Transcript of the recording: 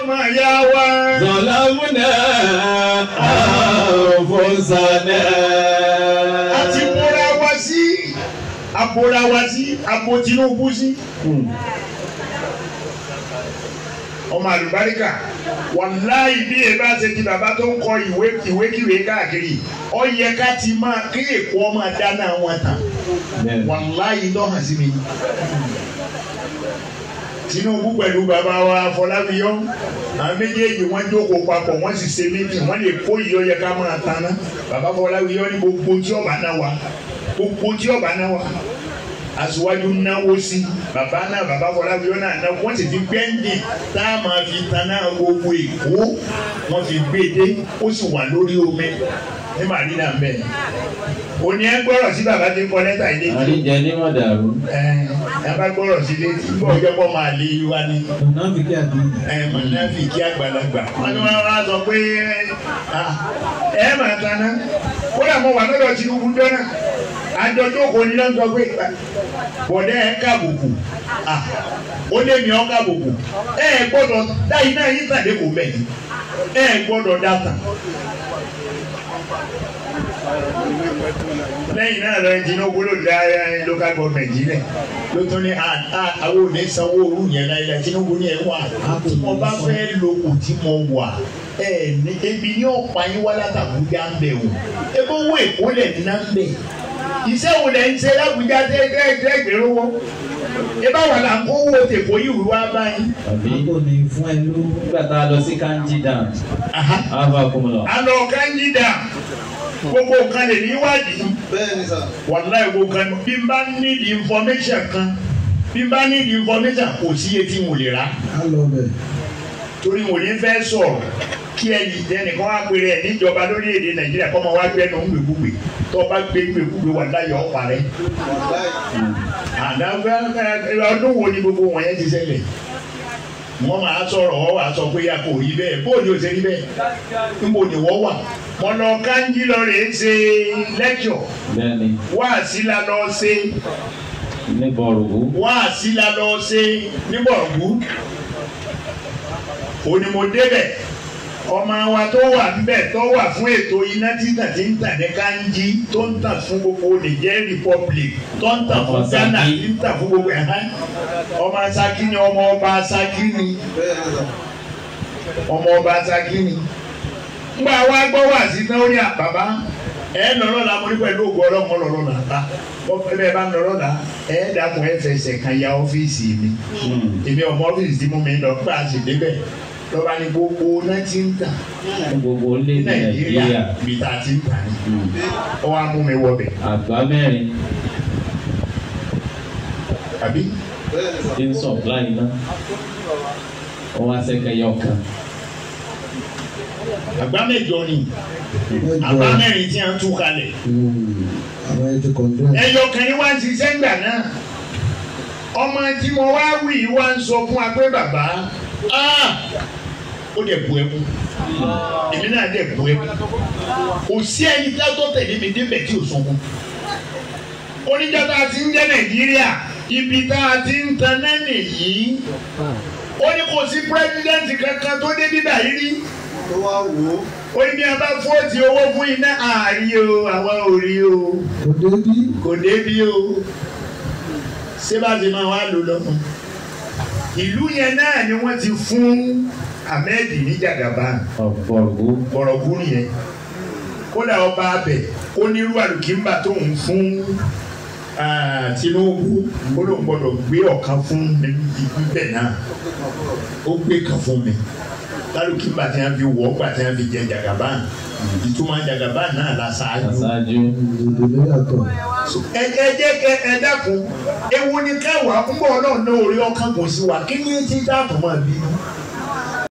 ọmọ ya wa. Zọlámúnà àfọ̀sánà. A ti bóra wa sí, a bóra wa sí, a bó Tinubu sí. Ọmọ àlùbáríkà wàláì bí e bá ṣe di bàbá tó ń kọ ìwé ìwékìwé káàkiri ọ yẹ ká ti máa kí èkó ọmọ dáná wọn tán wàláì lọ́hàn sí mi. Tinubu pẹ̀lú bàbá wa Fọláwíyọ àwọn méjèèjì wọ́n jókòó papọ̀ wọ́n sì ṣe méjì wọ́n lè kó ìyọ́ yẹ ká máa tanná bàbá Fọláwíyọ ní gbogbo tí ọba náà wà gbogbo tí ọba náà wà aṣíwájú náwó sí bàbá náà bàbá Fọláwíyọ náà náà wọ́n sì fi gbẹ́ǹdì tá a máa fi tanná gbogbo Èkó wọ́n fi gbé dé ó sì wà lórí omi ní marina mbẹ òní ẹ gbọ́rọ̀ sí bàbá tí ń kọ lẹ́tà ilé tí. àríjẹ ní wọn dàrú. ẹ ẹ bá gbọ́rọ̀ sí ilé tí bọ́ ọjọ́ bọ́ máa lé wa ni. mọ̀nàfìkì àti. ẹ mọ̀nàfìkì àgbàlagbà. wọ́n ní wọ́n sọ pé ah, ẹ máa taná kódà mo wà lọ́dọ̀ Tinubu dọ́nà àjọjókòó ni lọ́n sọ pé bọ̀dẹ́ ẹ̀ kábùkù ó lé mi ọ́ kábùkù ẹ̀ gbọ́dọ̀ dáyìí náà yín sàdé kò bẹ̀yìn ẹ̀ gbọ́dọ̀ dáta. lẹ́yìn náà lọ ẹnjìn náà wúlò local government yìí lẹ̀ ló tún ní àwọn òní sanwó òru yẹn láyé Tinubu ní ẹ wà tí wọ́n bá fẹ́ lo kù tí mo wà ẹ ní ebi ní ọ̀pá yín wá látàkùn já ń bẹ̀ wò ebó wọ èkó lẹ̀ ní náà ń bẹ̀ iṣẹ́ wo lẹ́yìn ṣe lágbèjà tẹ́gbẹ́ gbèrówó ẹ bá wà láǹkó wo tèkó yìí wá báyìí. àbí kò ní fún ẹ ló nígbà tá a lọ sí kanji dam. a bá kó mu lọ. a lọ kanji dam gbogbo nǹkan lè ní ìwádìí. bẹ́ẹ̀ni sà. wàláì gbogbo nǹkan bí n bá ní di information kan bí n bá ní di information kò sí etí mo lè rà. a lọ bẹ. torí mo ní fẹ́ sọ̀rọ̀ kí ẹyìn ẹnìkan wá péré ẹ níjọba lórílẹ̀‐èdè nàìjíríà kọ́ ọmọ wá gbẹ́ nù gbègbúgbè tó bá gbé gbègbúgbè wà láyọ̀ ọ̀pá rẹ̀. àdàgbà ọdún wo ni gbogbo wọn yẹn ti ṣẹlẹ̀ wọ́n máa sọ̀rọ̀ wọ́n wà sọ pé a kò bẹ́ẹ̀ bó ni o bẹ́ẹ̀ níbo ni wọ́n wà. mo lọ kánjí lọ ṣe lẹ́kṣọ̀ wá la lọ ṣe ní bọ̀rùgú. wá la lọ ṣe ní bọ̀rùgú. òní débẹ̀. ọmọ wa tó wà níbẹ̀ tó wà fún ètò iná títà tí ń ní kanji tó ń fún gbogbo Niger Republic tó ń tàn fún Ghana tí ń gbogbo ọmọ ọmọ ọba Ṣakí ọmọ ọba ngbà wa gbọ́ wà sí náà ní àbàbá ẹ la mo ní pẹ̀lú ògùn là bá bá ń là ẹ ẹ fẹsẹ̀ ya ọ́fíìsì mi hmm. èmi ọmọ ọ́fíìsì mi lọ sì débẹ̀ lọ́ba ni gbogbo náà ti ń tà gbogbo lè nàìjíríà bí a ti ń tà ní ọ wá mú mi wọbẹ̀. àgbá mẹ́rin. àbí. ṣé ń sọ láì ná ọ wá sẹ́kẹ̀ yọ kan. àgbá mẹ́jọ ni àgbá mẹ́rin tí a ń tú kalẹ̀. Hmm. ẹyọ kan ni wọ́n ti sẹ́ńgbà náà ọmọ tí mo wá wí wá ń sọ fún wa bàbá. Ah! ó dẹ̀ bu ẹmu èmi náà dẹ̀ bu ẹmu kò sí ẹni tí a tó tẹ̀lé mi débẹ̀ tí o sunkún oníjàtà ti ń jẹ́ nàìjíríà ibi tá a ti ń tan náà nìyí o ní kò sí pírẹ́sidẹ́ǹtì kankan tó dé bíbà yìí rí o ní bí a bá fóòtì owó fún iná ààrí o àwa ò rí o kò débi o ṣé bá ti máa wá lò lọ́mọ ìlú yẹn náà ni wọ́n ti fún Ahmed ní jàgàbá bọ̀rọ̀gù yẹn kódà ọba abẹ ó nírú àlùkìmbà tóun fún Tinubu ó lóun gbọ́dọ̀ gbé ọ̀kan fún mi bẹ́ẹ̀ náà ó gbé kan fún mi kálukú gbà tí wọ́n fi wọ̀ gbà tí wọ́n fi jẹ jàgàbá ìtumọ̀ jàgàbá náà la ṣáájú. ẹ ẹ jẹ́ kẹ ẹ dákun ewu ni káwa ń bọ̀ náà ní orí ọkàn kò sí wa kí ni ti dáàbò máa bínú.